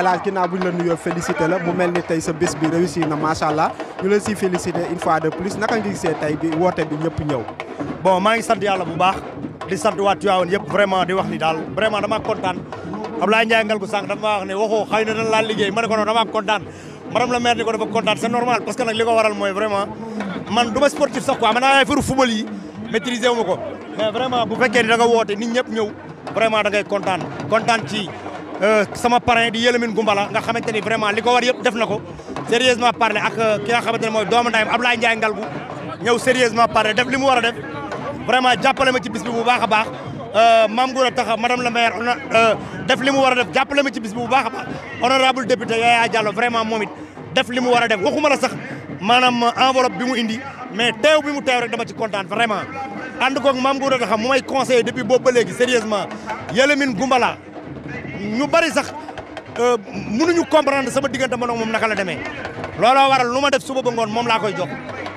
El Hadj ginnaaw bu ñu la nuyoo félicité mu mel ni tey sa bés bi réussir na macha allah ñu la siy félicité une fois de plus naka nga gisee bi woote bi ñëpp ñëw. bon maa ngi sant yàlla bu baax di sant waa Tivaouane yëpp vraiment di wax ni daal vraiment dama kontaan Abdoulaye Ndiaye ngal gu sànq dafa wax ne waxoo xëy na dañ laa liggéey ma ne ko noonu dama kontaan madame la maire ni ko dafa kontaan c'est normal parce que nag li ko waral mooy vraiment Euh, sama parrain di Yélamine Goumbala nga xamante ni vraiment li ko war yëpp def na ko sérieusement parler ak euh, ki nga xamante ne mooy doomu ndayam Abdoulaye Ndiaye Ngalgu ñëw sérieusement parler def li mu war a def vraiment jàppale ma ci bis bi bu baax a baax euh, Mame Gora Taxa madame la maire def li mu war a def jàppale ma ci bis bu baax a baax honorable député Yaya vraiment moom def li mu war a def waxuma la sax maanaam enveloppe bi mu indi mais teew bi mu teew rek dama ci kontaan vraiment ànd koog Mame Gora Taxa mu may conseillé depuis boobu ba léegi sérieusement Yélamine Goumbala ñu bari sax euh, mënuñu comprendre sama diggante man ak moom naka la demee looloo waral lu ma def suba ba ngoon moom laa koy jox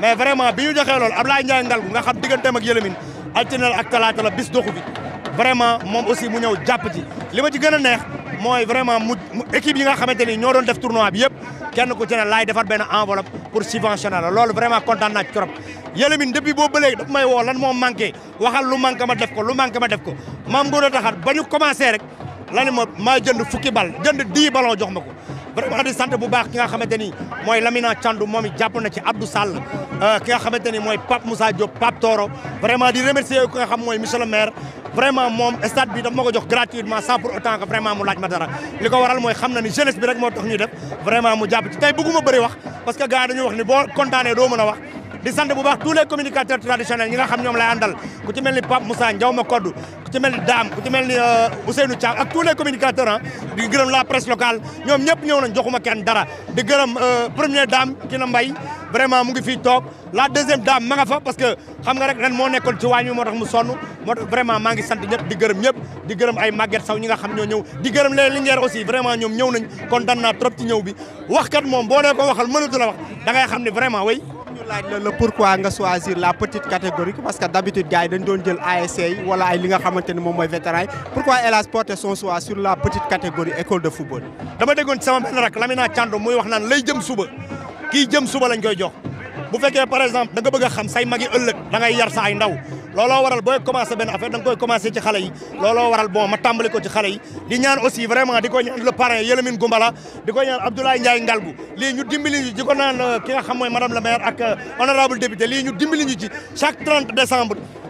mais vraiment bi ñu joxee loolu Ablaye Ndiaye Ngalgu nga xam digganteem ak Yélamine altine ak talaata la bis doxu bi vraiment moom aussi mu ñëw jàpp ci li ma ci gën a neex mooy vraiment mu équipe yi nga xamante ni ñoo doon def tournoi bi yëpp kenn ku ci ne laay defar benn enveloppe pour subventionner la loolu vraiment kontaan naa ci trop Yélamine depuis boobu may woo lan moo manqué waxal lu manqué ma ko lu manqué ma def ko maam ngóor a taxat ba ñu commencé rek la ne ma maa jënd fukki bal jënd dix ballon jox ma ko vraiment di sant bu baax ki nga xamante ni mooy Lamina Thiandou moom it jàpp na ci Abdou Sall euh, ki nga xamante ni mooy Pape Moussa Diop Pape Toro vraiment di remercier ki nga xam mooy monsieur le maire vraiment moom stade bi daf ma ko jox gratuitement sans pour autant que vraiment mu laaj ma dara li ko waral mooy xam na ni jeunesse bi rek moo tax ñuy def vraiment mu jàpp ci tey bëgguma bëri wax parce que gars wax ni boo kontaanee doo a di sant bu baax tous les communicateurs traditionnels ñi nga xam ñoom lay àndal ku ci mel ni Pape Moussa Ndiaw ma Koddu ku ci mel ni Dame ku ci mel ni euh, Ousseynou Thiam ak tous les communicateurs ah di gërëm la presse locale ñoom ñëpp ñëw nañ joxuma kenn dara di gërëm euh, première dame Kina mbay vraiment mu ngi fii toog la deuxième dame ma nga fa parce que xam nga rek ren moo nekkoon ci waañ wi moo tax mu sonn moo tax vraiment maa ngi sant ñëpp di gërëm ñëpp di gërëm ay Maguette Sow ñi nga xam ñoo ñëw di gërëm les aussi vraiment ñoom ñëw nañ kontaan naa trop ci ñëw bi waxkat moom boo waxal mënatu la ngay xam ne vraiment way laaj la le pourquoi nga choisir la petite catégorie parce que d'habitude gars yi dañ doon jël ASC wala ay li nga xamante mom moy vétéran pourquoi El a porté son choix sur la petite catégorie école de football. dama déggoon sama ben rak Lamina Thiandoum muy wax nan lay jëm suba ki jëm suba lañ koy jox bu féké par exemple da nga bëgg xam say magi ëlëk da ngay yar sa ay ndaw. looloo waral booy commencé benn affaire da nga koy commencé ci xale yi looloo waral bon ma tàmbali ko ci xale yi di ñaan aussi vraiment di ko ñaan le parrain Yélamine Goumbala di ko ñaan Abdoulaye Ndiaye Ngalgu lii ñu dimbali ñu ko naan euh, ki nga xam mooy la maire euh, honorable député lii ñu dimbali ci chaque 30 décembre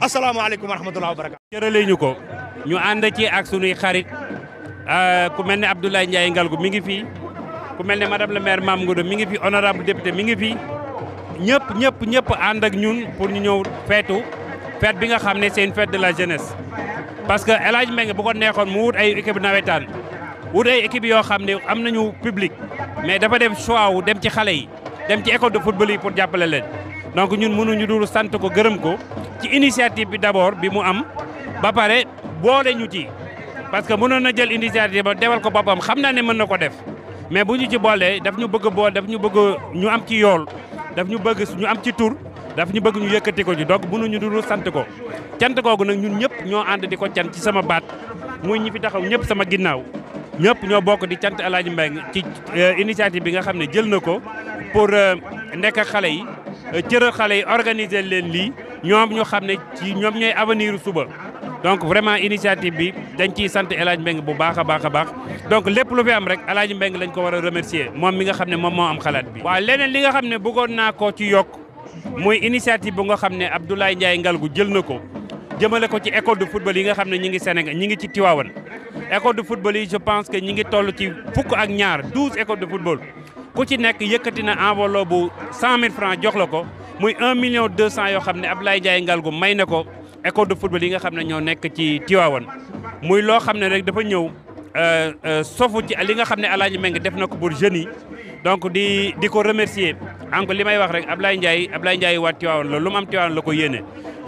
asalaamaaleykum wa rahmatulah wa barakaatu. jërëlee ñu ko ñu ànd ci ak sunuy xarit euh, ku mel ne Abdoulaye Ndiaye Ngalgu mi ngi fi ku mel ne madame le maire Mame Ngouda mi ngi fi honorable député mi ngi fi ñëpp ñëpp ñëpp ànd ak ñun pour ñu ñëw feetu fête bi nga xam ne seen une de la jeunesse. parce que El Hadj Mbengue bu ko neexoon mu wut ay équipe nawetaan wut ay équipe yoo xam ne am nañu public mais dafa dem choix dem ci xale yi dem ci école de football yi pour jàppale leen donc ñun mënuñu dul sant ko gërëm ko. ci initiative bi d'abord bi mu am ba pare boole ñu ci parce que mënoon na jël initiative ba defal ko boppam xam naa ne mën na ko def mais bu ñu ci boolee daf ñu bëgg boole daf ñu bëgg ñu am ci yool daf ñu bëgg ñu am ci tur daf ñu bëgg ñu yëkkati ko ji donc mënuñu dul sant ko cant googu nag ñun ñëpp ñoo ànd di ko cant ci sama baat muy ñi fi taxaw ñëpp sama ginnaaw ñëpp ñoo bokk di cant El Hadj Mbengue ci euh, initiative bi nga xam ne jël na ko pour euh, nekk ak xale yi cëral xale yi organiser leen lii ñom ñu xamné ci ñom ñoy avenir suba donc vraiment initiative bi dañ ci sant El Mbeng bu baax a baax donc lepp lu fi am rek El Mbeng lañ ko wara remercier mom mi nga xamné mom mo am xalaat bi. wa leneen li nga xamné bu bëggoon naa ko ci yok mooy initiative bu nga xamné Abdoulaye Ndiaye Ngalgou jël nako jëmele ko ci école de football yi nga xamné ñi ngi Sénégal ñi ngi ci Tivaouane école de football yi je pense que ñi ngi tollu ci fukk ak ñaar douze écoles de football ku ci nekk yëkëti na enveloppe bu cent francs jox la ko. muy 1 million 200 yoo xam ne Abdoulaye Ndiaye Ngalgou may na ko école de football yi nga xam ne ñoo nekk ci Tivaouane muy loo xam ne rek dafa ñëw euh, euh, sofu ci li nga xam ne Alaaji Meng def na ko pour jeunes yi donc di di ko remercier encore li may wax rek Abdoulaye Ndiaye Abdoulaye Ndiaye waa Tivaouane la lu mu am Tivaouane la ko yéene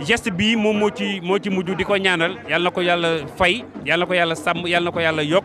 geste bii moom moo ci moo ci mujj di ko ñaanal yàlla na ko yàlla fay yàlla na ko yàlla sàmm yàlla na ko yàlla yokk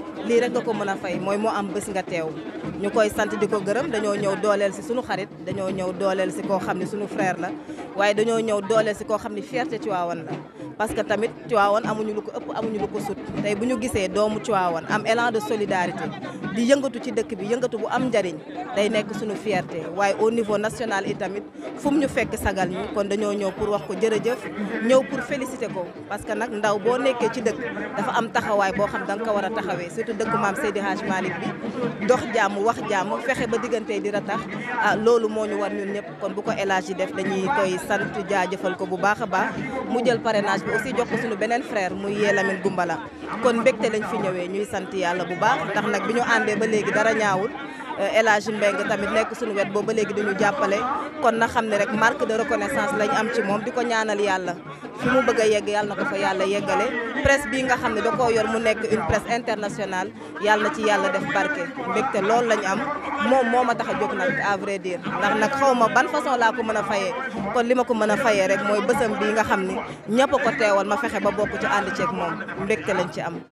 lii rek ko mën a fay mooy moo am bés nga teew ñu koy sant di ko gërëm dañoo ñëw dooleel si suñu xarit dañoo ñëw dooleel si koo xam ne suñu frère la waaye dañoo ñëw dooleel si koo xam ne fierté Tivaouane la parce que tamit Tivaouane amuñu lu ko ëpp amuñu lu ko sut tey bu ñu gisee doomu Tivaouane am élan de solidarité di yëngatu ci dëkk bi yëngatu bu am njariñ day nekk sunu fierté waaye au niveau national i tamit fu ñu fekk sagal ñu kon dañoo ñëw pour wax ko jërëjëf ñëw pour féliciter ko parce que nag ndaw boo nekkee ci dëkk dafa am taxawaay boo xam da nga ko war a taxawee surtout dëkku maam Seydi Hadj Malick bi mu wax jàmm fexe ba diggante di tax ah loolu moo ñu war ñun ñëpp kon bu ko El Hadji def dañuy koy sant jaajëfal ko bu baax a baax mu jël parrainage bi aussi jox ko suñu beneen frère muy lamit Gumbala kon mbégte lañ fi ñëwee ñuy sant yàlla bu baax ndax nag bi ñu àndee ba léegi dara ñaawul Euh, El Hadji Mbengue tamit nekk suñu wet boobu ba léegi dañu jàppale kon na xam ne rek marque de reconnaissance lañ am ci moom di ko ñaanal yàlla fi mu bëgg yegg yàlla na ko fa yàlla yeggale presse bii nga xam ne da koo yor mu nekk une presse internationale yàlla ci yàlla def barke mbégte loolu lañu am moom moo ma tax a jóg nag à vrai ndax nag xaw ma ban façon laa ko mën a fayee kon li ma ko mën a fayee rek mooy bësam bii nga xam ni ñëpp a ko teewal ma fexe ba bokk ci ànd moom mbégte lañ ci am